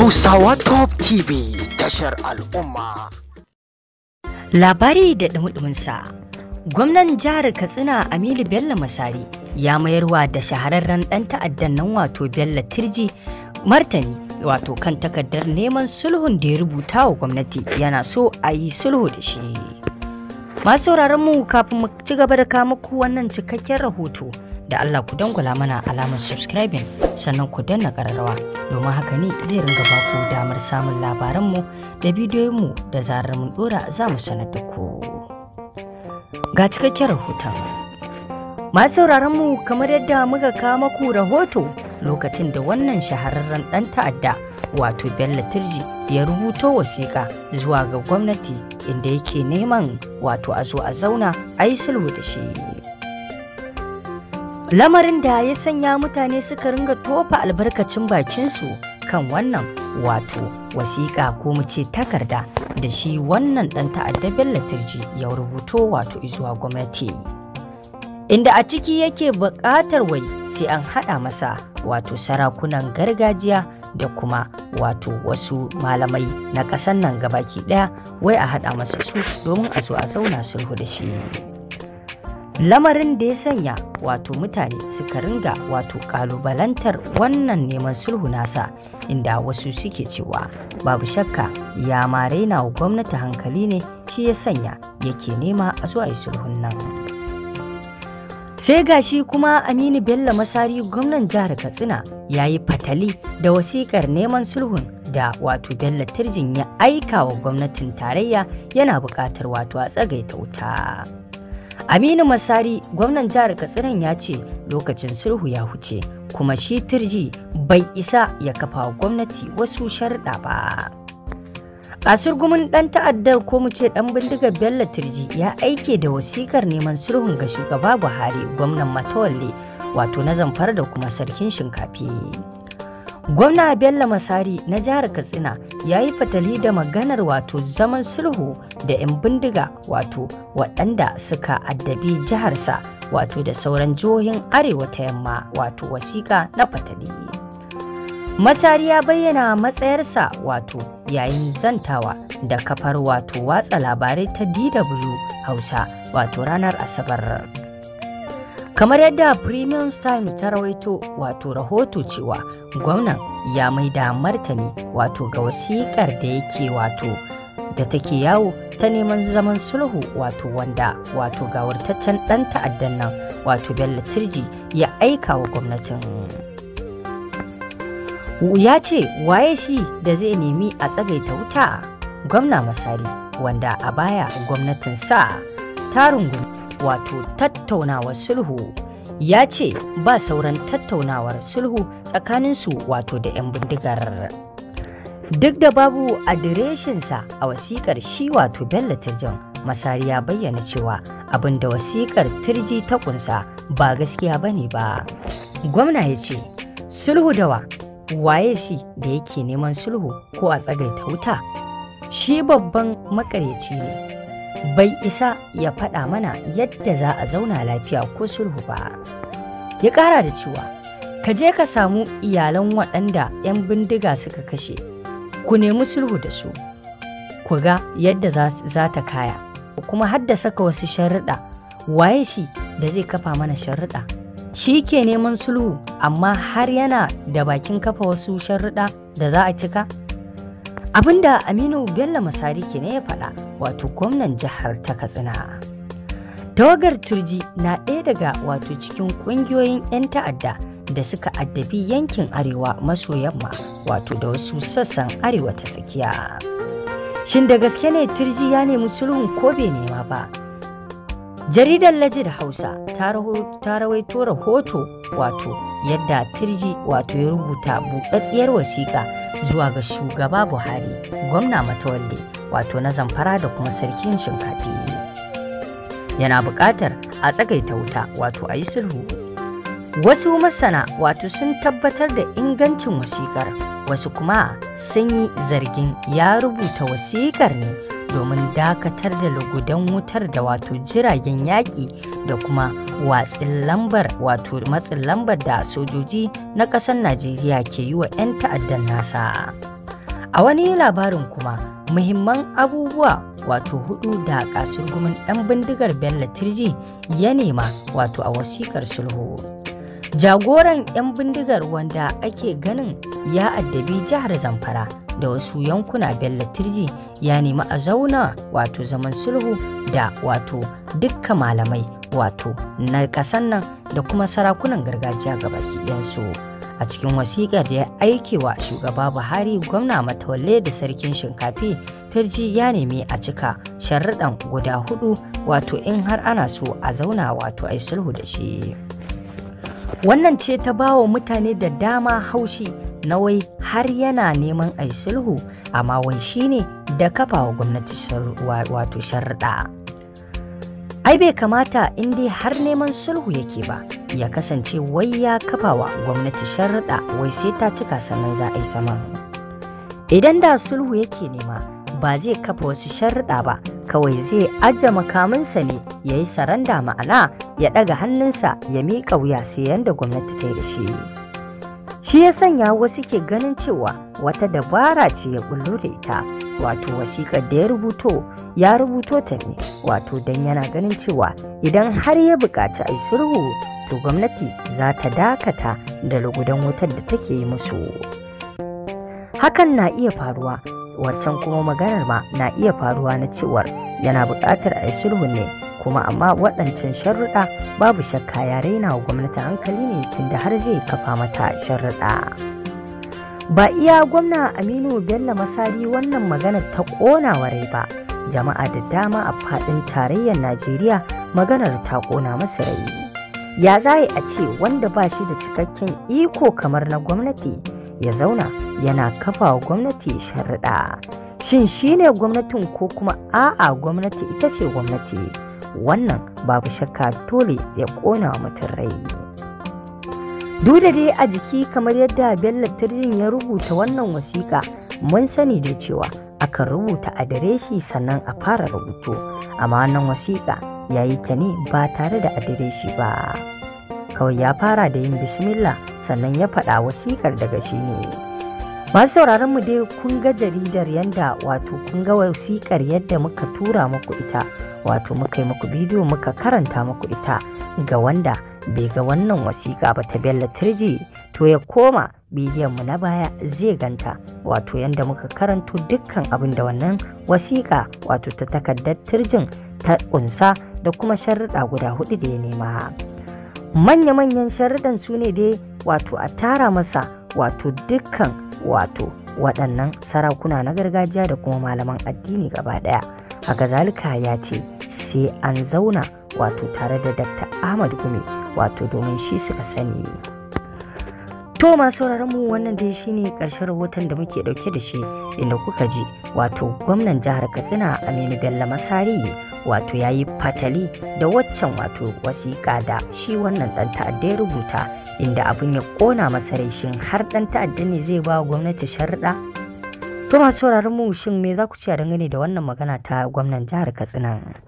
Hausawa Top TV tashar al'umma. Labari da sa Gwamnan jihar Katsina Aminu Bello Masari ya mayarwa da shahararren ɗan ta'addan nan wato Bello Tirji martani wato kan takardar neman sulhun da ya rubuta wa gwamnati yana so a yi sulhu da shi. Masu mu kafin mu ci gaba da muku wannan cikakken rahoto. da Allah ku dangwala mana alamar subscribing sannan ku danna kararrawa domin haka ne zai ringa ba ku damar samun labaranmu da bidiyoyinmu da zarar mun dora za mu sanar da ku. Ga cikakken rahoton. Masu sauraron mu kamar yadda muka kawo maku rahoto lokacin da wannan shahararren ɗan ta'adda wato Bello Turji ya rubuto wasiƙa zuwa ga gwamnati inda yake neman wato a zo a zauna a yi sulhu da shi. lamarin da ya sanya mutane suka ringa tofa albarkacin bakinsu kan wannan wato wasiƙa ko mu ce takarda da shi wannan ɗan ta'adda Bello Turji ya rubuto wato izuwa gwamnati inda a ciki yake buƙatar wai sai an haɗa masa wato sarakunan gargajiya da kuma wato wasu malamai na ƙasan nan gabaki ɗaya wai a haɗa masa su domin a zo a zauna sulhu da shi lamarin da ya sanya wato mutane suka ringa wato kalubalantar wannan neman sulhu nasa inda wasu suke cewa babu shakka ya maraina wa gwamnati hankali ne shi ya sanya yake nema a zuwa yi sulhun nan sai gashi kuma aminu bello masari gwamnan jihar katsina ya yi fatali da wasikar neman sulhun da wato bello turjin ya aika wa gwamnatin tarayya yana buƙatar wato a tsagaita wuta Aminu Masari gwamnan jihar Katsinan ya ce lokacin sulhu ya huce kuma shi turji bai isa ya kafa gwamnati wasu sharɗa ba. A surgumin ɗan ta'addar ko mu ce ɗan bindigar Bello Turji ya aike da wasikar neman sulhun ga shugaba Buhari gwamnan Matawalle wato na zamfara da kuma sarkin shinkafi. Gwamna Bello Masari na jihar Katsina ya yi fatali da maganar wato zaman sulhu da 'yan bindiga wato waɗanda suka addabi jiharsa wato da sauran jihohin arewa ta yamma wato wasiƙa na fatali matsari ya bayyana matsayarsa wato yayin zantawa da kafar wato watsa labarai ta dw hausa wato ranar asabar kamar yadda premium times ta rawaito wato rahoto cewa gwamnan ya mai da martani wato ga wasiƙar da yake wato da take yawo ta neman zaman sulhu wato wanda wato gawartaccen ɗan ta'addan nan wato bello turji ya aika wa gwamnatin ya ce waye shi da zai nemi a tsagaita wuta gwamna masari wanda a baya gwamnatin sa ta rungumi wato tattaunawar sulhu ya ce ba sauran tattaunawar sulhu tsakaninsu wato da 'yan bindigar duk da babu adireshinsa a wasikar shi wato bello turjan masari ya bayyana cewa abin da wasikar turji ta kunsa ba gaskiya ba ne ba gwamna ya ce sulhu dawa waye shi da yake neman sulhu ko a tsagaita wuta shi babban makaryaci ne bai isa ya faɗa mana yadda za a zauna lafiya ko sulhu ba ya ƙara da cewa ka je ka samu iyalan waɗanda 'yan bindiga suka kashe ku nemi sulhu da su ku ga yadda za ta kaya kuma da saka wasu sharuɗa waye shi da zai kafa mana sharuɗa shi ke neman sulhu amma har yana da bakin kafa wasu sharuɗa da za a cika abinda aminu bello masari ke ne ya faɗa wato gwamnan jihar ta katsina tawagar turji na ɗaya daga wato cikin ƙungiyoyin 'yan ta'adda da suka addabi yankin arewa maso yamma wato da wasu sassan arewa ta tsakiya. Shin da gaske ne turji ya nemi sulhun ko bai nema ba? Jaridar Lajid Hausa ta rawaito rahoto wato yadda turji wato ya rubuta buɗaɗɗiyar wasiƙa zuwa ga shugaba Buhari, gwamna Matawalle wato na zamfara da kuma sarkin shinkafi. Yana buƙatar a tsagaita wuta wato a yi sulhu Wasu masana wato sun tabbatar da ingancin wasiƙar, wasu kuma sun yi zargin ya rubuta wasiƙar ne domin dakatar da lugudan wutar da wato jiragen yaƙi da kuma watsin lambar wato matsin lambar da sojoji na ƙasar Najeriya ke yi wa 'yan ta'addan nasa. A wani labarin kuma muhimman abubuwa wato hudu da kasurgumin 'yan bindigar Bello Tirji ya nema wato a wasikar sulhu. jagoran 'yan bindigar wanda ake ganin ya addabi jihar zamfara da wasu yankuna bello turji ya nemi a zauna wato zaman sulhu da wato dukka malamai wato na kasan nan da kuma sarakunan gargajiya ga baki ɗansu a cikin wasiƙar da ya aike wa shugaba buhari gwamna matawalle da sarkin shinkafi turji ya nemi a cika sharaɗan guda hudu wato in har ana so a zauna wato ai sulhu da shi Wannan ce ta ba wa mutane da dama haushi na wai har yana neman a yi sulhu amma wai shi ne da kafa wa gwamnati wato sharuɗa. Ai bai kamata in dai har neman sulhu yake ba ya kasance wai ya kafa wa gwamnati sharuɗa wai sai ta cika sannan za a yi sama. Idan da sulhu yake nema ba zai kafa wasu sharuɗa ba kawai zai ajiye makaminsa ne ya yi saranda ma'ana ya ɗaga hannunsa ya miƙa wuya sai yadda gwamnati ta yi da shi shi ya sanya wasu ke ganin cewa wata dabara ce ya bullo da ita wato wasiƙar da ya rubuto ya rubuto ta ne wato don yana ganin cewa idan har ya buƙaci a sulhu to gwamnati za ta dakata da lugudan wutar da take yi musu hakan na iya faruwa Wancan kuma maganar ma na iya faruwa na cewar yana buƙatar a yi ne kuma amma waɗancan sharruɗa babu shakka ya raina wa gwamnati hankali ne tunda har zai kafa mata sharruɗa ba iya gwamna aminu bello masari wannan maganar ta ƙona warai ba jama'a da dama a faɗin tarayyar najeriya maganar ta ƙona masa rai ya zai a ce wanda ba shi da cikakken iko kamar na gwamnati ya zauna yana kafa wa gwamnati sharaɗa shin shi ne gwamnatin ko kuma a'a gwamnati ita ce gwamnati wannan babu shakka dole ya ƙona mutum rai duk da dai a jiki kamar yadda bello turjin ya rubuta wannan wasiƙa mun sani da cewa akan rubuta adireshi sannan a fara rubutu amma wannan wasiƙa ya yi ta ne ba tare da adireshi ba. kawai ya fara da yin bismillah sannan ya faɗa wasikar daga shi ne masu sauraron mu dai kun ga jaridar yanda wato kun ga wasikar yadda muka tura muku ita wato muka yi muku bidiyo muka karanta muku ita ga wanda bai ga wannan wasiƙa ba ta bella turji to ya koma bidiyon mu na baya zai ganta wato yadda muka karanto dukkan abin da wannan wasiƙa wato ta takardar turjin ta ƙunsa da kuma sharuɗa guda hudu da ya nema. manya-manyan sharaɗan su ne dai wato a tara masa wato dukkan wato waɗannan sarakuna na gargajiya da kuma malaman addini gaba ɗaya haka zalika ya ce sai an zauna wato tare da dr ahmad gumi wato domin shi suka sani To masu mu wannan dai shine ƙarshen rahoton da muke ɗauke da shi inda kuka ji wato gwamnan jihar Katsina Aminu Bello Masari wato ya yi fatali da waccan wato wasiƙa da shi wannan ɗan ta'adda ya rubuta inda abin ya ƙona masa rai shin har ɗan ta'adda ne zai ba gwamnati sharuɗa to masu sauraron mu shin me za ku ce dangane da wannan magana ta gwamnan jihar katsina